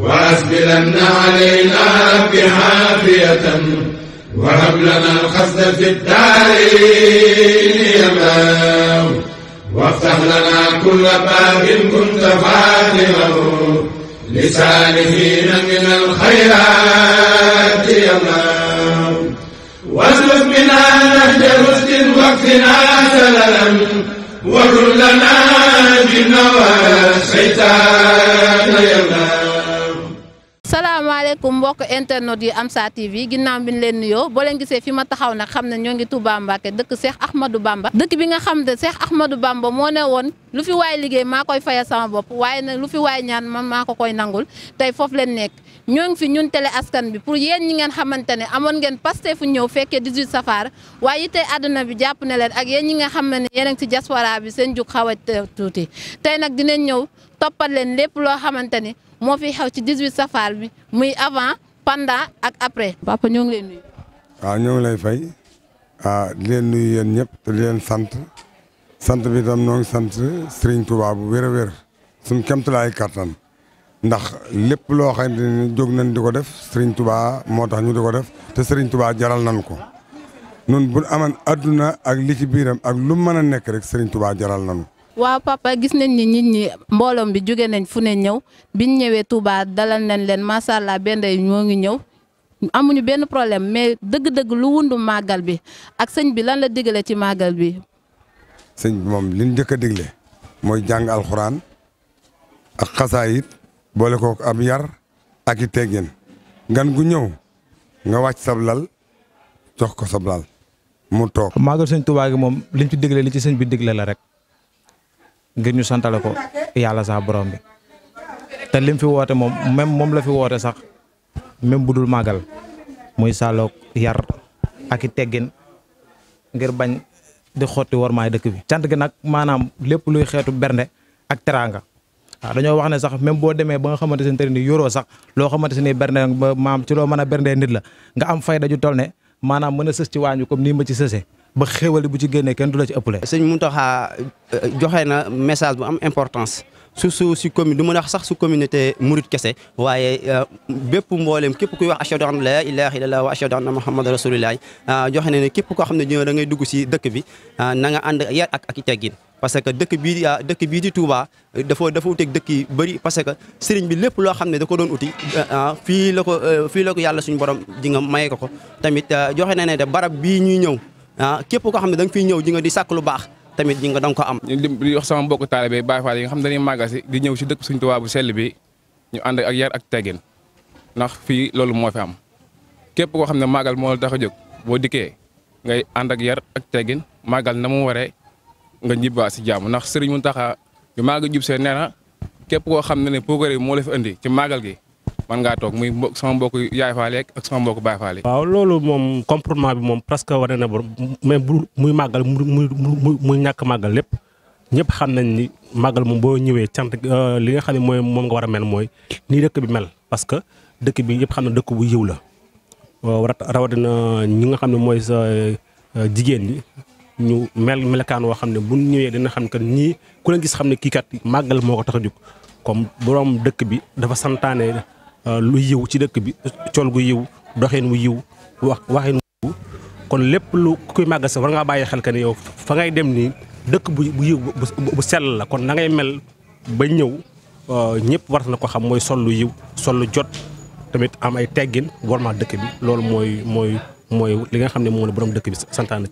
وأسبلن علينا رب عافية وهب لنا الخزن في الدارين يا وافتح لنا كل باب كنت فاتحه لسانهين من الخيرات يا واسلك بنا نهج رشد واكفنا سللا وكن لنا بالنوى الشيطان يا salaamaaleykum mbokk internet yi Amsa TV ginnaaw bi ñu leen nuyoo boo leen gisee fi ma taxaw nag xam ne ñoo ngi Touba Mbacké dëkk Cheikh Ahmadou Bamba dëkk bi nga xam ne Cheikh Ahmadou Bamba moo ne woon lu fi waay liggéey maa koy fayal sama bopp waaye nag lu fi waay ñaan man maa ko koy nangul tey foofu leen nekk ñoo ngi fi ñun télé askan bi pour yéen ñi ngeen xamante ne amoon ngeen Pastef fu ñëw fekkee 18 safar waaye it tey àdduna bi jàpp na leen ak yéen ñi nga xam ne yéen a ngi ci diaspora bi seen jug xaw a tuuti tey nag dinañ ñëw toppal leen lépp loo xamante ni moo fi xew ci 18 safar bi muy avant pendant ak après. papa ñoo ngi lay nuyu. waaw ah, ñoo ngi lay ah, leen nuyu yéen ñëpp di sant bi tam noo sant Serigne Touba bu wér a wér suñ kemtulaay kàttan ndax lépp loo xamante ni jóg nañ di ko def Serigne Touba moo tax ñu di ko def te Serigne Touba jaral nañ ko nun bu aman adduna ak li biiram ak lu mën a nekk rek Serigne Touba jaral nañu waaw papa gis nañ ni nit ñi mbooloom bi jóge nañ fu ne ñëw biñ ñëwee Touba dalal nañ leen macha allah benn yi ngi ñëw amuñu benn problème mais dëgg-dëgg lu wundu màggal bi ak sëñ bi lan la digale ci màggal bi sëñ bi moom li mu njëkk a mooy jàng alxuraan ak xasaayit boole ko am yar ak i teggin gan gu ñëw nga wàcc sablal jox ko sablal mu toog. màggal sëñ Tuubaa gi moom liñ ci digle li ci sëñ bi dégle la rek ngir ñu santale ko yàlla sax boroom bi te lim fi woote moom même moom la fi woote sax même bu dul màggal muy sàlloog yar ak i teggin ngir bañ. di xotti warmaay dëkk bi cant gi nag maanaam lépp luy xeetu bernde ak teraanga waaw dañoo wax ne sax même boo demee ba nga xamante ne tey yoroo sax loo xamante ne bernde ba maam ci loo mën a berndee nit la nga am fay ju toll ne maanaam mën a sës ci waañu comme nii ma ci sësee ba xéwali bu ci génnee kenn du la ci ëppale. sëñ Mountakha euh, joxe na message bu am importance su su si commune du mën a wax sax su communauté Mouride kese waaye euh, bépp mboolem képp kuy wax ashhadu an la ilaha illallah wa ashhadu anna muhammadan rasulullah euh, joxe na ne képp koo xam ne ñëw dangay dugg si dëkk bi na nga ànd ak ak teggin. parce que dëkk bii dëkk bii di Touba dafa dafa uteeg dëkk yi bëri parce que sëriñ bi lépp loo xam ne da ko doon uti fii la ko fii la yàlla suñu borom ji nga maye ko ko tamit joxe na ne de barab bii ñuy ñëw. ah képp koo xam ne da nga fiy ñëw ji nga di sàkk lu baax tamit ji nga da nga ko am di wax sama mbokk taalibe Baay Faal yi nga xam dañuy màggasi di ñëw si dëkk Sëñ Tuubaa bu sell bi ñu ànd ak yar ak teggin ndax fii loolu moo fi am képp koo xam ne màggal moo la tax a jóg boo dikkee ngay ànd ak yar ak teggin màggal na mu waree nga ñibbaa si jàmm ndax Sëriñ Muntaxa bi màgg jub see nee na képp koo xam ne ne progrès moo la fi indi ci màggal gi man ngaa toog muy sama mbokk yaay faale ak sama mbokk baay faale moom comportement bi moom presque wane na borom mais bu muy màggal muy muy ñàkk màggal lépp ñëpp xam nañ ni màggal moom boo ñëwee cant euh, li nga xam ne mooy moom nga war a mel mooy nii dëkk bi mel parce que dëkk bi ñëpp xam na dëkk bu yiw la euh, rawatina ñi nga xam ne mooy sa euh, jigéen ñi ñu mel melekaan woo xam ne bu ñëwee dina xam que ñii ku la gis xam ne kii kat màggal moo ko tax a jóg comme borom dëkk bi dafa santaane Euh, lu yiw ci dëkk bi col gu yiw doxeen wu yiw wax waxeen wu kon lépp lu kuy màgg sax war ngaa bàyyi xel que ne yow fa ngay dem nii dëkk bu bu yiw bu sell la kon na ngay mel ba ñëw euh, ñëpp war na ko xam mooy sol lu yiw sol lu jot tamit am ay teggin war ma dëkk bi loolu mooy mooy mooy li nga xam ne moom la borom dëkk bi santaane